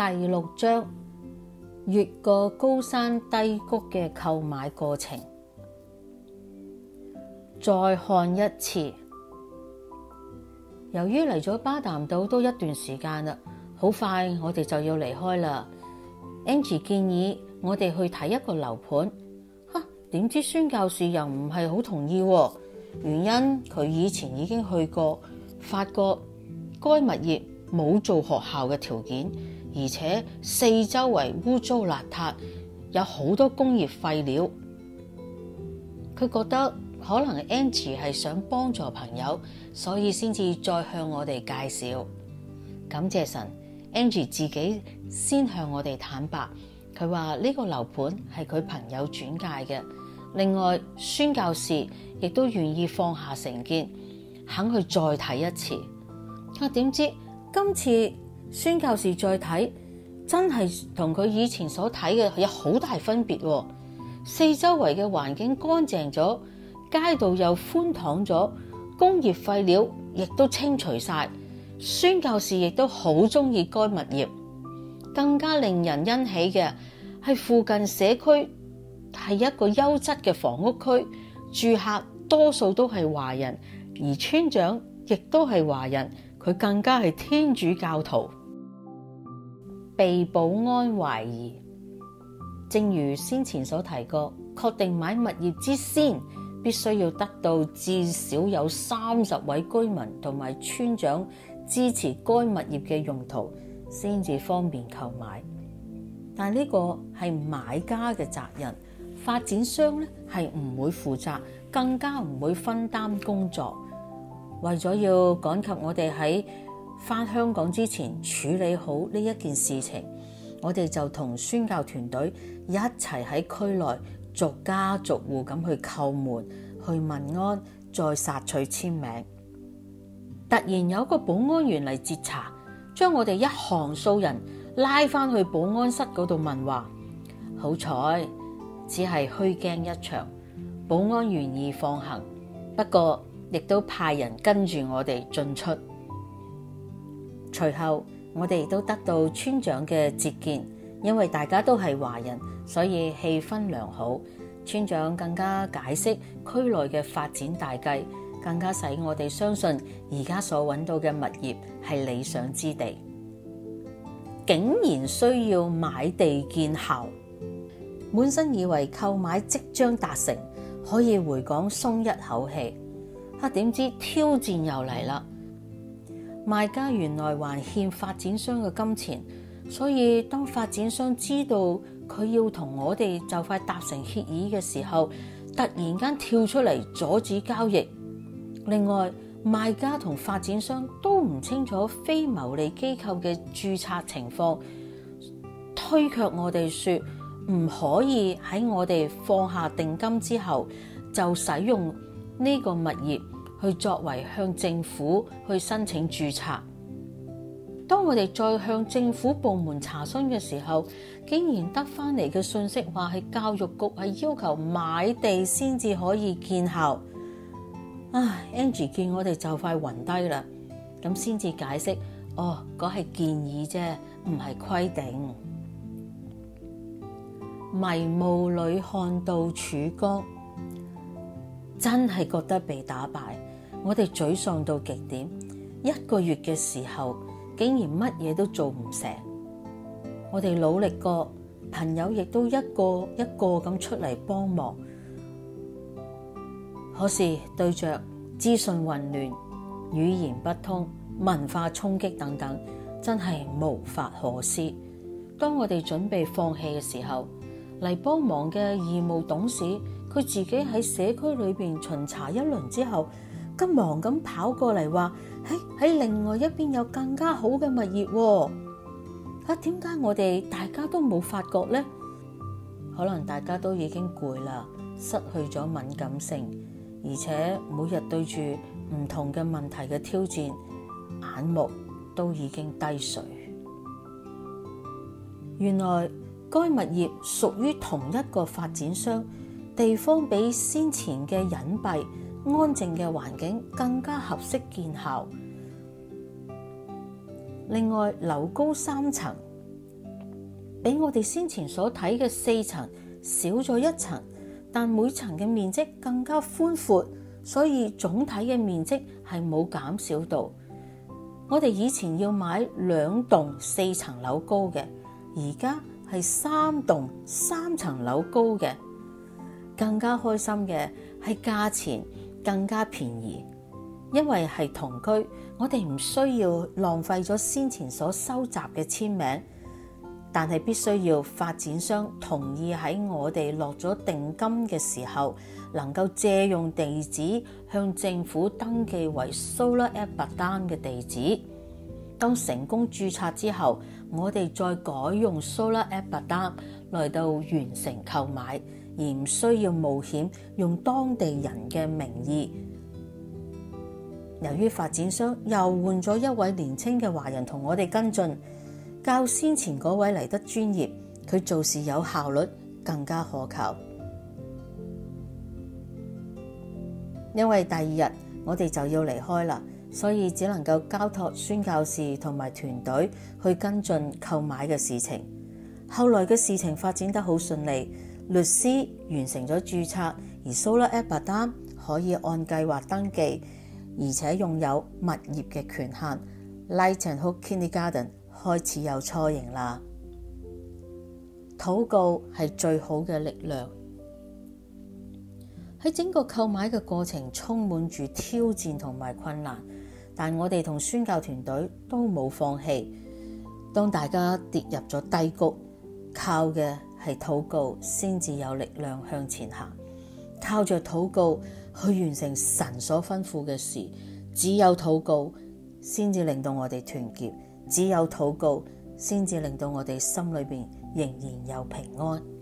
第六章，越過高山低谷嘅購買過程，再看一次。由於嚟咗巴淡島都一段時間啦，好快我哋就要離開啦。Angie 建議我哋去睇一個樓盤，哈？點知孫教授又唔係好同意啊，原因佢以前已經去過，發覺該物業冇做學校嘅條件。而且四周圍污糟邋遢，有好多工業廢料。佢覺得可能 Angie 係想幫助朋友，所以先至再向我哋介紹。感謝神，Angie 自己先向我哋坦白，佢話呢個樓盤係佢朋友轉介嘅。另外，宣教士亦都願意放下成見，肯去再睇一次。嚇、啊、點知今次？宣教士再睇，真係同佢以前所睇嘅有好大分別，哦。四周圍嘅環境乾淨咗，街道又寬敞咗，工業廢料亦都清除晒。宣教士亦都好中意該物業。更加令人欣喜嘅係附近社區係一個優質嘅房屋區，住客多數都係華人，而村長亦都係華人，佢更加係天主教徒。被保安懷疑。正如先前所提過，確定買物業之先，必須要得到至少有三十位居民同埋村長支持該物業嘅用途，先至方便購買。但呢個係買家嘅責任，發展商咧係唔會負責，更加唔會分擔工作。為咗要趕及我哋喺返香港之前處理好呢一件事情，我哋就同宣教團隊一齊喺區內逐家逐戶咁去叩門、去問安，再索取簽名。突然有個保安員嚟截查，將我哋一行數人拉翻去保安室嗰度問話。好彩只係虛驚一場，保安願意放行，不過亦都派人跟住我哋進出。隨後我哋亦都得到村長嘅接見，因為大家都係華人，所以氣氛良好。村長更加解釋區內嘅發展大計，更加使我哋相信而家所揾到嘅物業係理想之地。竟然需要買地建校，本身以為購買即將達成，可以回港鬆一口氣，啊，點知挑戰又嚟啦！賣家原來還欠發展商嘅金錢，所以當發展商知道佢要同我哋就快達成協議嘅時候，突然間跳出嚟阻止交易。另外，賣家同發展商都唔清楚非牟利機構嘅註冊情況，推卻我哋說唔可以喺我哋放下定金之後就使用呢個物業。去作為向政府去申請註冊。當我哋再向政府部門查詢嘅時候，竟然得翻嚟嘅信息話係教育局係要求買地先至可以建校。唉，啊，Angie 見我哋就快暈低啦，咁先至解釋，哦，嗰係建議啫，唔係規定。迷霧裡看到曙光，真係覺得被打敗。我哋沮喪到極點，一個月嘅時候，竟然乜嘢都做唔成。我哋努力過，朋友亦都一個一個咁出嚟幫忙，可是對着資訊混亂、語言不通、文化衝擊等等，真係無法可施。當我哋準備放棄嘅時候，嚟幫忙嘅義務董事，佢自己喺社區裏邊巡查一輪之後。急忙咁跑過嚟話：喺、哎、另外一邊有更加好嘅物業、哦，吓點解我哋大家都冇發覺呢？可能大家都已經攰啦，失去咗敏感性，而且每日對住唔同嘅問題嘅挑戰，眼目都已經低垂。原來該物業屬於同一個發展商，地方比先前嘅隱蔽。安靜嘅環境更加合適見效。另外，樓高三層，比我哋先前所睇嘅四層少咗一層，但每層嘅面積更加寬闊，所以總體嘅面積係冇減少到。我哋以前要買兩棟四層樓高嘅，而家係三棟三層樓高嘅。更加開心嘅係價錢。更加便宜，因為係同區，我哋唔需要浪費咗先前所收集嘅簽名，但係必須要發展商同意喺我哋落咗定金嘅時候，能夠借用地址向政府登記為 Solar Aberdeen 嘅地址。當成功註冊之後，我哋再改用 Solar Aberdeen 來到完成購買。而唔需要冒險用當地人嘅名義。由於發展商又換咗一位年青嘅華人同我哋跟進，較先前嗰位嚟得專業，佢做事有效率，更加可靠。因為第二日我哋就要離開啦，所以只能夠交託宣教士同埋團隊去跟進購買嘅事情。後來嘅事情發展得好順利。律師完成咗註冊，而 s o l a e p e d a m 可以按計劃登記，而且擁有物業嘅權限。Lighten Hope Kindergarten 開始有雛形啦。禱告係最好嘅力量。喺整個購買嘅過程，充滿住挑戰同埋困難，但我哋同宣教團隊都冇放棄。當大家跌入咗低谷，靠嘅～係禱告先至有力量向前行，靠着禱告去完成神所吩咐嘅事。只有禱告先至令到我哋團結，只有禱告先至令到我哋心裏邊仍然有平安。